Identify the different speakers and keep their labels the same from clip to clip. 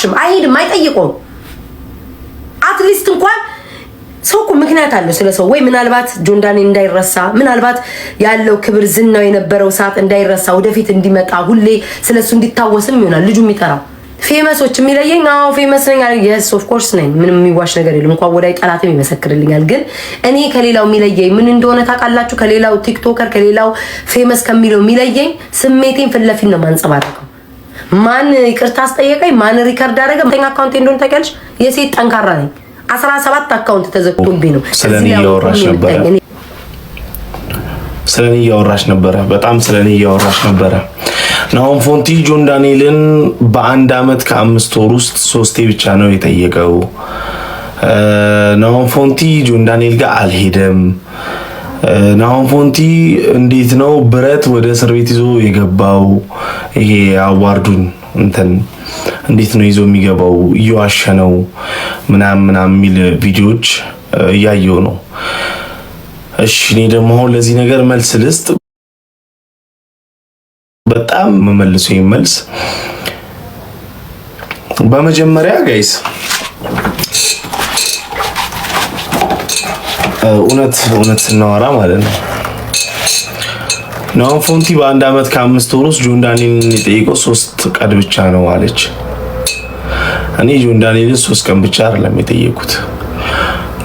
Speaker 1: አይዋሽም፣ አይሄድም፣ አይጠይቀውም። አትሊስት እንኳን ሰው እኮ ምክንያት አለው ስለ ሰው ወይ ምናልባት ጆንዳኔ እንዳይረሳ ምናልባት ያለው ክብር ዝናው የነበረው ሰዓት እንዳይረሳ ወደፊት እንዲመጣ ሁሌ ስለሱ እንዲታወስም ይሆናል ልጁ የሚጠራው ፌመሶች የሚለየኝ አዎ ፌመስ ነኝ አለ የስ ኦፍ ኮርስ ነኝ። ምንም የሚዋሽ ነገር የለም። እንኳን ወዳይ ጠላትም ይመሰክርልኛል። ግን እኔ ከሌላው የሚለየኝ ምን እንደሆነ ታውቃላችሁ? ከሌላው ቲክቶከር ከሌላው ፌመስ ከሚለው የሚለየኝ ስሜቴን ፊት ለፊት ነው ማንጸባረቀው። ማን ይቅርታ አስጠየቀኝ፣ ማን ሪከርድ አደረገ፣ ተኛ አካውንት እንደሆነ ታውቂያለሽ። የሴት ጠንካራ ነኝ። አስራ ሰባት አካውንት ተዘግቶብኝ ነው።
Speaker 2: ስለኔ እያወራሽ ነበረ፣ ስለኔ እያወራሽ ነበረ፣ በጣም ስለኔ እያወራሽ ነበረ። ናሆም ፎንቲ ጆን ዳንኤልን በአንድ አመት ከአምስት ወር ውስጥ ሶስቴ ብቻ ነው የጠየቀው። ናሆም ፎንቲ ጆን ዳንኤል ጋር አልሄደም ናሆም ፎንቲ እንዴት ነው ብረት ወደ እስር ቤት ይዞ የገባው? ይሄ አዋርዱን እንትን እንዴት ነው ይዞ የሚገባው እየዋሸ ነው ምናምን ምናምን የሚል ቪዲዮዎች እያየው ነው። እሺ እኔ ደግሞ አሁን ለዚህ ነገር መልስ ልስጥ። በጣም መመልሶ መልስ በመጀመሪያ ጋይስ እውነት እውነት ስናወራ ማለት ነው። ናሆም ፎንቲ በአንድ አመት ከአምስት ወር ውስጥ ጆን ዳንኤልን የጠየቀው ሶስት ቀን ብቻ ነው አለች። እኔ ጆን ዳንኤልን ሶስት ቀን ብቻ አይደለም የጠየቁት።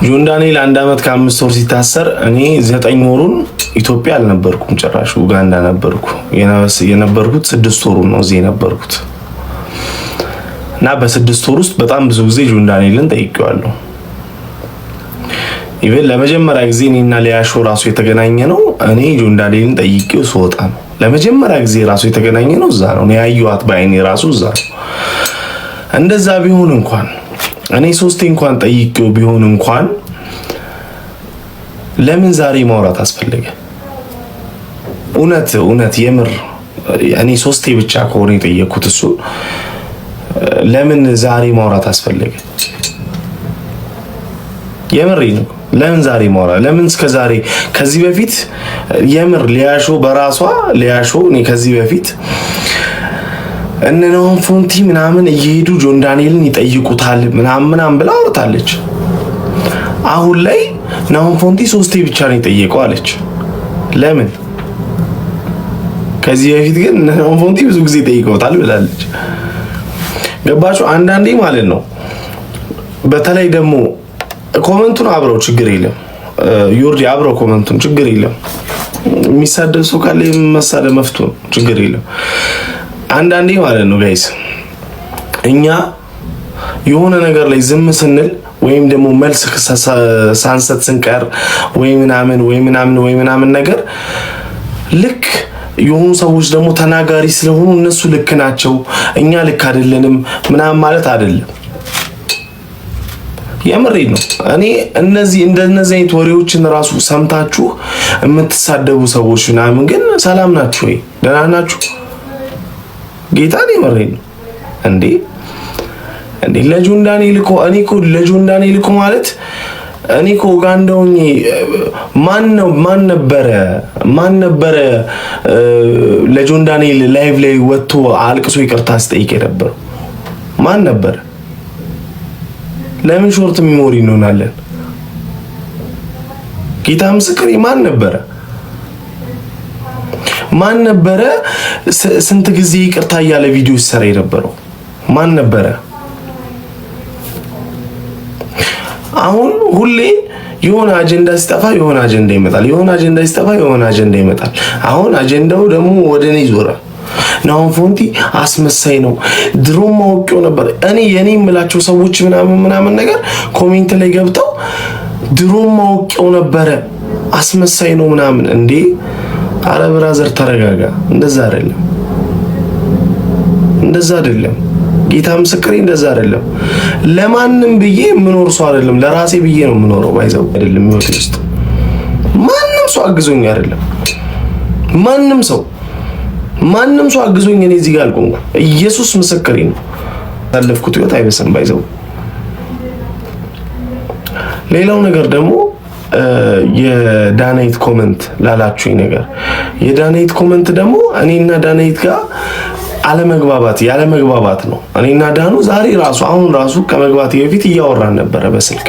Speaker 2: ጆን ዳንኤል አንድ አመት ከአምስት ወር ሲታሰር እኔ ዘጠኝ ወሩን ኢትዮጵያ አልነበርኩም፣ ጭራሽ ኡጋንዳ ነበርኩ። የነበርኩት ስድስት ወሩን ነው እዚህ የነበርኩት እና በስድስት ወር ውስጥ በጣም ብዙ ጊዜ ጆን ዳንኤልን ጠይቄዋለሁ። ኢቨን ለመጀመሪያ ጊዜ እኔና ሊያሾ ራሱ የተገናኘ ነው። እኔ ጆንዳሌን ጠይቄው ስወጣ ነው ለመጀመሪያ ጊዜ ራሱ የተገናኘ ነው። እዛ ነው ያየኋት በአይኔ ራሱ እዛ ነው። እንደዛ ቢሆን እንኳን እኔ ሶስቴ እንኳን ጠይቄው ቢሆን እንኳን ለምን ዛሬ ማውራት አስፈለገ? እውነት እውነት የምር እኔ ሶስቴ ብቻ ከሆነ የጠየኩት እሱ ለምን ዛሬ ማውራት አስፈለገ? የምሬ ነው። ለምን ዛሬ ማውራ? ለምን እስከ ዛሬ ከዚህ በፊት የምር ሊያሾ በራሷ ሊያሾ እኔ ከዚህ በፊት እነነውን ፎንቲ ምናምን እየሄዱ ጆን ዳንኤልን ይጠይቁታል ምናምን ምናምን ብላ አውርታለች። አሁን ላይ ናሁን ፎንቲ ሶስቴ ብቻ ነው የጠየቀው አለች። ለምን ከዚህ በፊት ግን ናሁን ፎንቲ ብዙ ጊዜ ጠይቀውታል ብላለች። ገባችሁ? አንዳንዴ ማለት ነው በተለይ ደግሞ ኮመንቱን አብረው ችግር የለም ዩርዲ አብረው ኮመንቱን ችግር የለም የሚሳደብ ሰው ካለ መሳደ መፍቶ ችግር የለም። አንዳንዴ ማለት ነው ጋይስ እኛ የሆነ ነገር ላይ ዝም ስንል ወይም ደግሞ መልስ ሳንሰጥ ስንቀር ወይ ምናምን ወይ ምናምን ወይ ምናምን ነገር ልክ የሆኑ ሰዎች ደግሞ ተናጋሪ ስለሆኑ እነሱ ልክ ናቸው እኛ ልክ አይደለንም ምናምን ማለት አይደለም። የምሬ ነው። እኔ እነዚህ እንደነዚህ አይነት ወሬዎችን ራሱ ሰምታችሁ የምትሳደቡ ሰዎች ምናምን ግን ሰላም ናችሁ ወይ? ደህና ናችሁ? ጌታን የምሬ ነው እንዴ እንዴ ለጆን ዳንኤል እኮ እኔ እኮ ለጆን ዳንኤል እኮ ማለት እኔ እኮ ኡጋንዳውኝ ማን ነው ማን ነበረ ማን ነበረ ለጆን ዳንኤል ላይቭ ላይ ወጥቶ አልቅሶ ይቅርታ ስጠይቅ የነበረው ማን ነበረ? ለምን ሾርት ሚሞሪ እንሆናለን? ጌታ ምስክር ማን ነበረ ማን ነበረ? ስንት ጊዜ ይቅርታ እያለ ቪዲዮ ሲሰራ የነበረው ማን ነበረ? አሁን ሁሌ የሆነ አጀንዳ ሲጠፋ የሆነ አጀንዳ ይመጣል፣ የሆነ አጀንዳ ሲጠፋ የሆነ አጀንዳ ይመጣል። አሁን አጀንዳው ደግሞ ወደ እኔ ይዞራል። ናሆም ፎንቲ አስመሳይ ነው፣ ድሮም አውቄው ነበር። እኔ የኔ የምላቸው ሰዎች ምናምን ምናምን ነገር ኮሜንት ላይ ገብተው ድሮም አውቄው ነበረ አስመሳይ ነው ምናምን። እንዴ አረ ብራዘር ተረጋጋ። እንደዛ አይደለም፣ እንደዛ አይደለም። ጌታ ምስክሬ እንደዛ አይደለም። ለማንም ብዬ የምኖር ሰው አይደለም። ለራሴ ብዬ ነው የምኖረው። ባይዘው አይደለም። ማንም ሰው አግዞኝ አይደለም። ማንም ሰው ማንም ሰው አግዞኝ እኔ እዚህ ጋር አልቆምኩ። ኢየሱስ ምስክሬ ነው። ያሳለፍኩት ህይወት አይበሰም ባይዘው። ሌላው ነገር ደግሞ የዳናይት ኮመንት ላላችሁኝ ነገር የዳናይት ኮመንት ደግሞ እኔና ዳናይት ጋር አለመግባባት ያለመግባባት ነው። እኔና ዳኑ ዛሬ ራሱ አሁን ራሱ ከመግባት በፊት እያወራን ነበረ በስልክ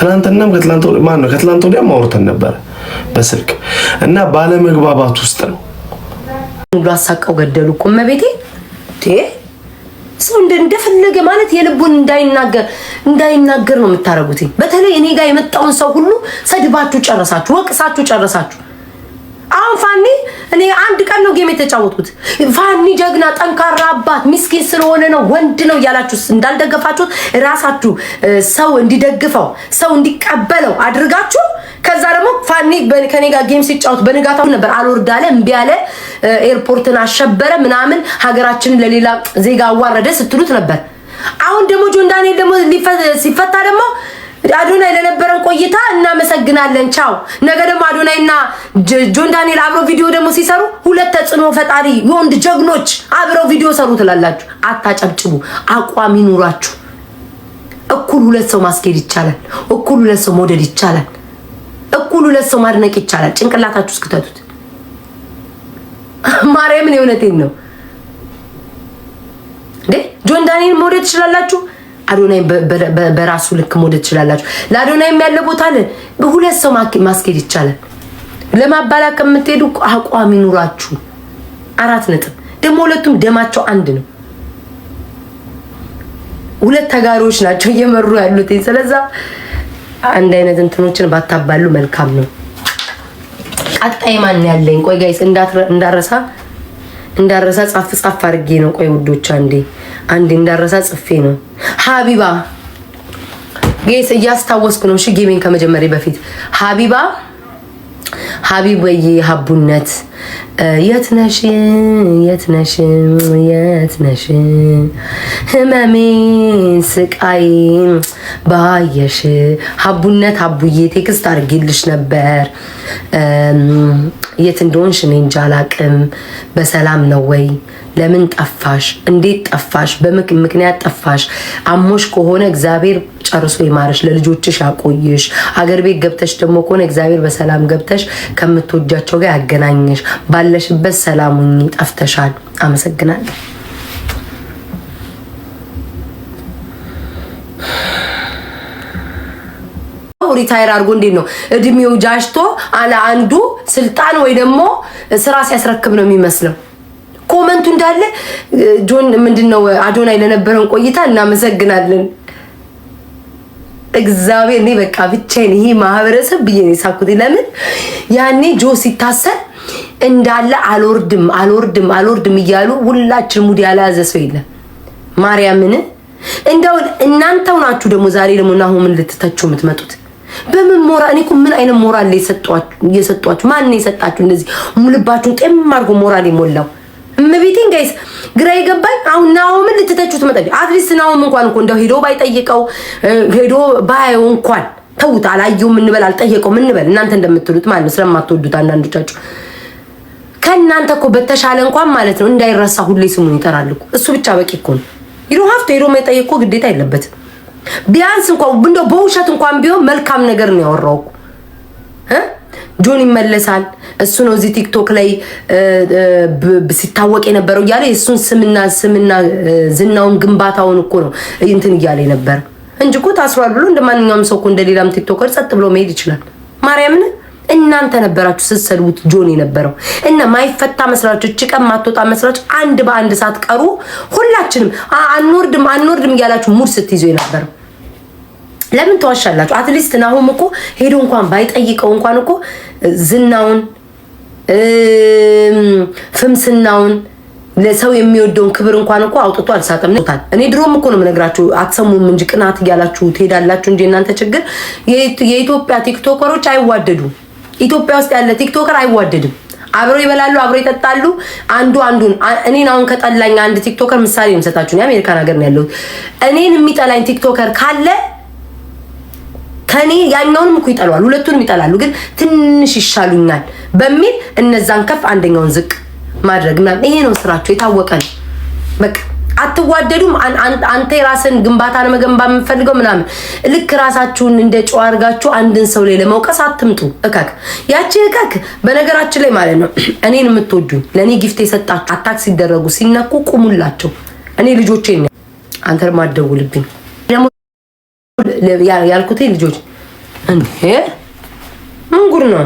Speaker 2: ትናንትናም ከትላንት ማን ነው ከትላንት ወዲያም አውርተን ነበረ በስልክ እና ባለመግባባት ውስጥ ነው
Speaker 1: ሙሉ አሳቀው ገደሉ እኮ እመቤቴ። ሰው እንደፈለገ ማለት የልቡን እንዳይናገር እንዳይናገር ነው የምታደርጉት። በተለይ እኔ ጋር የመጣውን ሰው ሁሉ ሰድባችሁ ጨረሳችሁ፣ ወቅሳችሁ ጨረሳችሁ። አሁን ፋኒ እኔ አንድ ቀን ነው ጌም የተጫወትኩት። ፋኒ ጀግና፣ ጠንካራ አባት ሚስኪን ስለሆነ ነው ወንድ ነው እያላችሁ እንዳልደገፋችሁት ራሳችሁ ሰው እንዲደግፈው ሰው እንዲቀበለው አድርጋችሁ ከዛ ደግሞ ፋኒ ከኔ ጋር ጌም ሲጫወት በንጋታው ነበር አልወርድ አለ እምቢ አለ። ኤርፖርትን አሸበረ ምናምን ሀገራችንን ለሌላ ዜጋ አዋረደ ስትሉት ነበር። አሁን ደግሞ ጆን ዳንኤል ደግሞ ሲፈታ ደግሞ አዶናይ ለነበረን ቆይታ እናመሰግናለን፣ ቻው። ነገ ደግሞ አዶናይና ጆን ዳንኤል አብረው ቪዲዮ ደግሞ ሲሰሩ ሁለት ተጽዕኖ ፈጣሪ የወንድ ጀግኖች አብረው ቪዲዮ ሰሩ ትላላችሁ። አታጨብጭቡ፣ አቋም ይኑራችሁ። እኩል ሁለት ሰው ማስኬድ ይቻላል። እኩል ሁለት ሰው መውደድ ይቻላል። እኩል ሁለት ሰው ማድነቅ ይቻላል። ጭንቅላታችሁ እስክተቱት። ማርያምን የእውነቴን ነው እንዴ። ጆን ዳንኤል መውደድ ትችላላችሁ። አዶናይ በራሱ ልክ መውደድ ትችላላችሁ። ለአዶናይም ያለ ቦታ አለ። ሁለት ሰው ማስኬድ ይቻላል። ለማባላ ከምትሄዱ አቋም ይኑራችሁ። አራት ነጥብ። ደግሞ ሁለቱም ደማቸው አንድ ነው። ሁለት ተጋሪዎች ናቸው እየመሩ ያሉት ስለዛ አንድ አይነት እንትኖችን ባታባሉ መልካም ነው። ቀጣይ ማን ያለኝ? ቆይ ጋይስ እንዳረሳ እንዳረሳ ጻፍ ጻፍ አድርጌ ነው። ቆይ ውዶች አንዴ አንዴ እንዳረሳ ጽፌ ነው። ሀቢባ ጌስ እያስታወስኩ ነው። እሺ ጌሜን ከመጀመሪያ በፊት ሀቢባ ሀቢበዬ ሀቡነት የትነሽ የትነሽ የትነሽ ህመሜ ስቃይ ባየሽ ሀቡነት ሀቡዬ ቴክስት አድርጌልሽ ነበር። የት እንደሆንሽ እኔ እንጃ አላቅም። በሰላም ነው ወይ? ለምን ጠፋሽ? እንዴት ጠፋሽ? በምክንያት ጠፋሽ? አሞሽ ከሆነ እግዚአብሔር ጨርሶ ይማርሽ፣ ለልጆችሽ አቆይሽ። አገር ቤት ገብተሽ ደግሞ ከሆነ እግዚአብሔር በሰላም ገብተሽ ከምትወጃቸው ጋር ያገናኘሽ። ባለሽበት ሰላሙኝ ጠፍተሻል። አመሰግናለሁ። ሪታይር አድርጎ እንዴት ነው እድሜው ጃጅቶ አለ አንዱ ስልጣን ወይ ደግሞ ስራ ሲያስረክብ ነው የሚመስለው። ኮመንቱ እንዳለ ጆን ምንድን ነው አዶናይ ለነበረን ቆይታ እናመሰግናለን። እግዚአብሔር እኔ በቃ ብቻዬን ይሄ ማህበረሰብ ብዬ ነው የሳኩት። ለምን ያኔ ጆ ሲታሰር እንዳለ አልወርድም አልወርድም አልወርድም እያሉ ሁላችን ሙድ ያለያዘ ሰው የለም። ማርያምን እንደው እናንተው ናችሁ ደግሞ ዛሬ ደግሞ ናሆምን ልትተቹ የምትመጡት በምን ሞራ? እኔ እኮ ምን አይነት ሞራል ላይ የሰጧችሁ? ማን ነው የሰጣችሁ? እንደዚህ ሙልባችሁን ጤም አድርጎ ሞራል የሞላው እመቤቴን ጋይስ ግራ የገባኝ አሁን በተቹት መጠ አትሊስት ናሁም እንኳን እኮ እንደው ሄዶ ባይጠይቀው ሄዶ ባየው እንኳን ተውት። አላየውም እንበል አልጠየቀውም እንበል እናንተ እንደምትሉት ማለት ነው። ስለማትወዱት አንዳንዶቻችሁ ከእናንተ እኮ በተሻለ እንኳን ማለት ነው እንዳይረሳ ሁሌ ስሙን ይጠራል እኮ እሱ ብቻ በቂ እኮ ነው። ሄዶ ሀብቶ ሄዶ መጠየቅ እኮ ግዴታ የለበትም። ቢያንስ እንኳን እንደው በውሸት እንኳን ቢሆን መልካም ነገር ነው ያወራው እኮ ጆን ይመለሳል። እሱ ነው እዚህ ቲክቶክ ላይ ሲታወቅ የነበረው እያለ የእሱን ስምና ስምና ዝናውን ግንባታውን እኮ ነው እንትን እያለ ነበር እንጂ እኮ ታስሯል ብሎ እንደ ማንኛውም ሰው እኮ እንደ ሌላም ቲክቶከር ጸጥ ብሎ መሄድ ይችላል። ማርያምን እናንተ ነበራችሁ ስትሰድቡት ጆን የነበረው እና ማይፈታ መስራች እች ማትወጣ መስራች አንድ በአንድ ሳትቀሩ ሁላችንም አንወርድም አንወርድም እያላችሁ ሙድ ስትይዞ የነበረው ለምን ተዋሻላችሁ? አትሊስት ናሁም እኮ ሄዶ እንኳን ባይጠይቀው እንኳን እኮ ዝናውን ፍምስናውን ለሰው የሚወደውን ክብር እንኳን እኮ አውጥቶ አልሳጠም። እኔ ድሮም እኮ ነው የምነግራችሁ፣ አትሰሙም እንጂ ቅናት እያላችሁ ትሄዳላችሁ እንጂ እናንተ ችግር። የኢትዮጵያ ቲክቶከሮች አይዋደዱም። ኢትዮጵያ ውስጥ ያለ ቲክቶከር አይዋደድም። አብሮ ይበላሉ፣ አብሮ ይጠጣሉ። አንዱ አንዱን እኔን አሁን ከጠላኝ አንድ ቲክቶከር ምሳሌ ነው የምሰጣችሁ። የአሜሪካን ሀገር ነው ያለሁት። እኔን የሚጠላኝ ቲክቶከር ካለ ከኔ ያኛውንም እኮ ይጠሏል፣ ሁለቱንም ይጠላሉ፣ ግን ትንሽ ይሻሉኛል በሚል እነዛን ከፍ አንደኛውን ዝቅ ማድረግ ምናምን ይሄ ነው ስራቸው። የታወቀ ነው በቃ አትዋደዱም። አንተ የራስን ግንባታ ለመገንባ የምፈልገው ምናምን ልክ ራሳችሁን እንደ ጨዋ አድርጋችሁ አንድን ሰው ላይ ለመውቀስ አትምጡ። እከክ ያቺ እከክ በነገራችን ላይ ማለት ነው እኔን የምትወዱኝ ለእኔ ጊፍት የሰጣችሁ አታክ ሲደረጉ ሲነኩ ቁሙላቸው። እኔ ልጆቼ አንተን ማደውልብኝ ያልኩት ልጆች እንዴ ምን ጉድ ነው?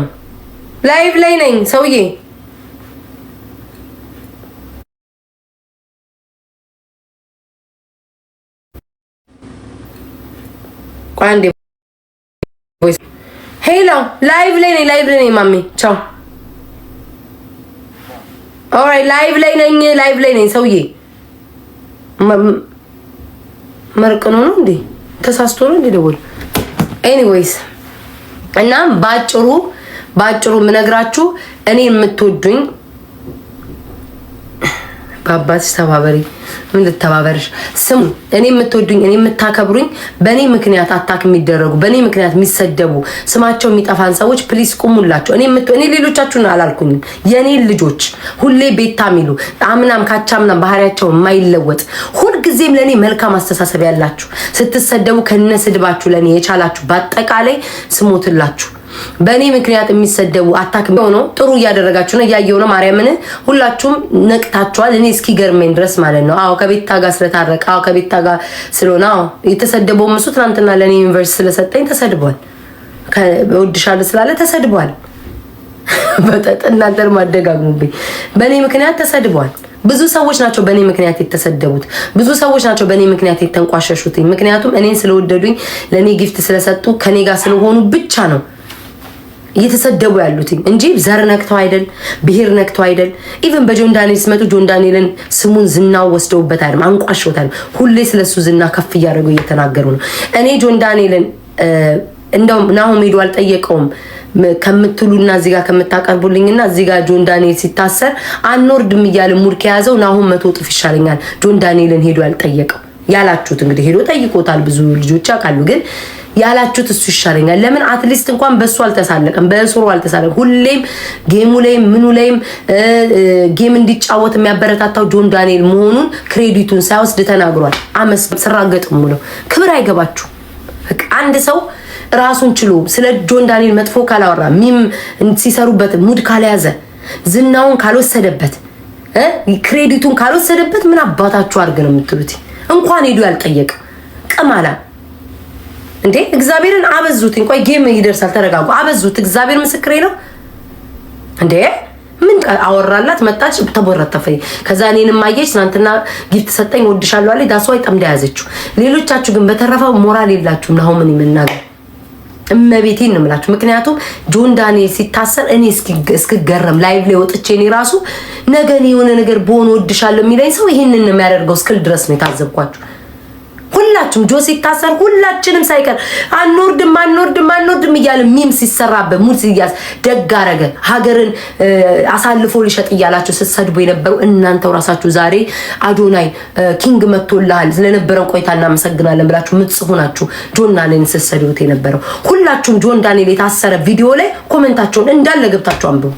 Speaker 1: ላይቭ ላይ ነኝ ሰውዬ። ቋንዴ ሄሎ፣ ላይቭ ላይ ነኝ፣ ላይቭ ላይ ነኝ። ማሜ ቻው። ኦልራይት ላይቭ ላይ ነኝ፣ ላይቭ ላይ ነኝ ላይቭ ላይ ነኝ ማሜ ቻው ኦራይ ላይቭ ላይ ነኝ ላይቭ ላይ ነኝ ሰውዬ መርቅኖ ነው እንዴ ተሳስቶ ነው እንዲደውል። ኤኒዌይስ እናም ባጭሩ ባጭሩ የምነግራችሁ እኔ የምትወዱኝ በአባትሽ ተባበሪ። ምን ልተባበርሽ? ስሙ፣ እኔ የምትወዱኝ እኔ የምታከብሩኝ፣ በእኔ ምክንያት አታክ የሚደረጉ በእኔ ምክንያት የሚሰደቡ ስማቸው የሚጠፋን ሰዎች ፕሊስ ቁሙላቸው። እኔ ሌሎቻችሁን አላልኩኝም፣ የእኔ ልጆች ሁሌ ቤታ የሚሉ አምናም ካቻምናም ባህሪያቸው የማይለወጥ ሁልጊዜም ለእኔ መልካም አስተሳሰብ ያላችሁ ስትሰደቡ ከነ ስድባችሁ ለእኔ የቻላችሁ በአጠቃላይ ስሞትላችሁ በእኔ ምክንያት የሚሰደቡ አታክ ሆኖ ጥሩ እያደረጋችሁ ነው፣ እያየው ነው። ማርያምን ሁላችሁም ነቅታችኋል። እኔ እስኪ ገርመኝ ድረስ ማለት ነው። አዎ ከቤታ ጋር ስለታረቀ፣ አዎ ከቤታ ጋር ስለሆነ፣ አዎ የተሰደበው እሱ ትናንትና ለእኔ ዩኒቨርሲቲ ስለሰጠኝ ተሰድቧል። እወድሻለሁ ስላለ ተሰድቧል። በጠጥ እናንተን ማደጋግሙብኝ። በእኔ ምክንያት ተሰድቧል። ብዙ ሰዎች ናቸው በእኔ ምክንያት የተሰደቡት። ብዙ ሰዎች ናቸው በእኔ ምክንያት የተንቋሸሹትኝ። ምክንያቱም እኔን ስለወደዱኝ ለእኔ ጊፍት ስለሰጡ ከኔ ጋር ስለሆኑ ብቻ ነው እየተሰደቡ ያሉት እንጂ ዘር ነክተው አይደል፣ ብሄር ነክተው አይደል። ኢቨን በጆን ዳንኤል ሲመጡ ጆን ዳንኤልን ስሙን ዝናው ወስደውበት አይደል፣ አንቋሸውታል። ሁሌ ስለሱ ዝና ከፍ እያደረጉ እየተናገሩ ነው። እኔ ጆን ዳንኤልን እንደውም ናሆም ሄዶ አልጠየቀውም ከምትሉና እዚህ ጋር ከምታቀርቡልኝና እዚህ ጋር ጆን ዳንኤል ሲታሰር አንወርድም እያለ ሙድ ከያዘው ናሆም መቶ እጥፍ ይሻለኛል ጆን ዳንኤልን ሄዶ ያልጠየቀው ያላችሁት እንግዲህ ሄዶ ጠይቆታል። ብዙ ልጆች አውቃሉ ግን ያላችሁት እሱ ይሻለኛል። ለምን አትሊስት እንኳን በእሱ አልተሳለቀም በእሱሩ አልተሳለቀም። ሁሌም ጌሙ ላይም ምኑ ላይም ጌም እንዲጫወት የሚያበረታታው ጆን ዳንኤል መሆኑን ክሬዲቱን ሳይወስድ ተናግሯል። አመስ ስራገጥ ሙለው ክብር አይገባችሁ። አንድ ሰው ራሱን ችሎ ስለ ጆን ዳንኤል መጥፎ ካላወራ፣ ሚም ሲሰሩበት ሙድ ካልያዘ፣ ዝናውን ካልወሰደበት፣ ክሬዲቱን ካልወሰደበት ምን አባታችሁ አድርግ ነው የምትሉት? እንኳን ሄዱ ያልጠየቀ ቅማላ እንዴ እግዚአብሔርን አበዙት። ቆይ ጌም ይደርሳል። ተረጋጉ። አበዙት። እግዚአብሔር ምስክሬ ነው። እንዴ ምን አወራላት? መጣች፣ ተቦረተፈኝ። ከዛ እኔንም አየች። ትናንትና ጊፍት ሰጠኝ፣ ወድሻለሁ አለኝ። ዳስዋይ ጠምዳ ያዘችው። ሌሎቻችሁ ግን በተረፈ ሞራል የላችሁም። አሁን ምን የምናገር እመቤቴ ነው ምክንያቱም ጆን ዳንኤል ሲታሰር እኔ እስክገረም ላይቭ ላይ ወጥቼ እኔ ራሱ ነገ እኔ የሆነ ነገር ብሆን ወድሻለሁ የሚለኝ ሰው ይህንን ነው የሚያደርገው እስክል ድረስ ነው የታዘብኳችሁ። ሁላችሁም ጆ ሲታሰር ሁላችንም ሳይቀር አንወርድም አንወርድም አንወርድም እያለ ሚም ሲሰራበት ሙድ ሲያዝ ደግ አረገ ሀገርን አሳልፎ ሊሸጥ እያላችሁ ስትሰድቡ የነበሩ እናንተው ራሳችሁ ዛሬ አዶናይ ኪንግ መጥቶልሃል ስለነበረን ቆይታ እናመሰግናለን ብላችሁ ምጽፉ ናችሁ ጆን ዳንኤልን ስትሰድቡት የነበረው ሁላችሁም ጆን ዳንኤል የታሰረ ቪዲዮ ላይ ኮመንታቸውን እንዳለ ገብታችሁ አንብቡ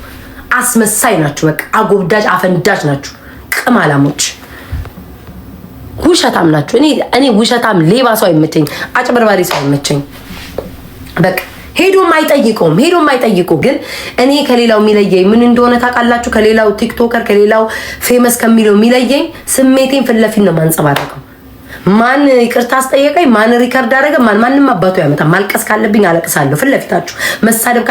Speaker 1: አስመሳይ ናችሁ በቃ አጎብዳጅ አፈንዳጅ ናችሁ ቅማላሞች ውሸታም ናችሁ። እኔ ውሸታም ሌባ ሰው አይመቸኝ፣ አጭበርባሪ ሰው አይመቸኝ። በቃ ሄዶም አይጠይቀውም ሄዶም አይጠይቁ። ግን እኔ ከሌላው የሚለየኝ ምን እንደሆነ ታውቃላችሁ? ከሌላው ቲክቶከር ከሌላው ፌመስ ከሚለው የሚለየኝ ስሜቴን ፊት ለፊት ነው ማንጸባረቀው። ማን ይቅርታ አስጠየቀኝ፣ ማን ሪከርድ አደረገ፣ ማን ማንም አባቱ ያመጣ። ማልቀስ ካለብኝ አለቅሳለሁ ፊት ለፊታችሁ መሳደብ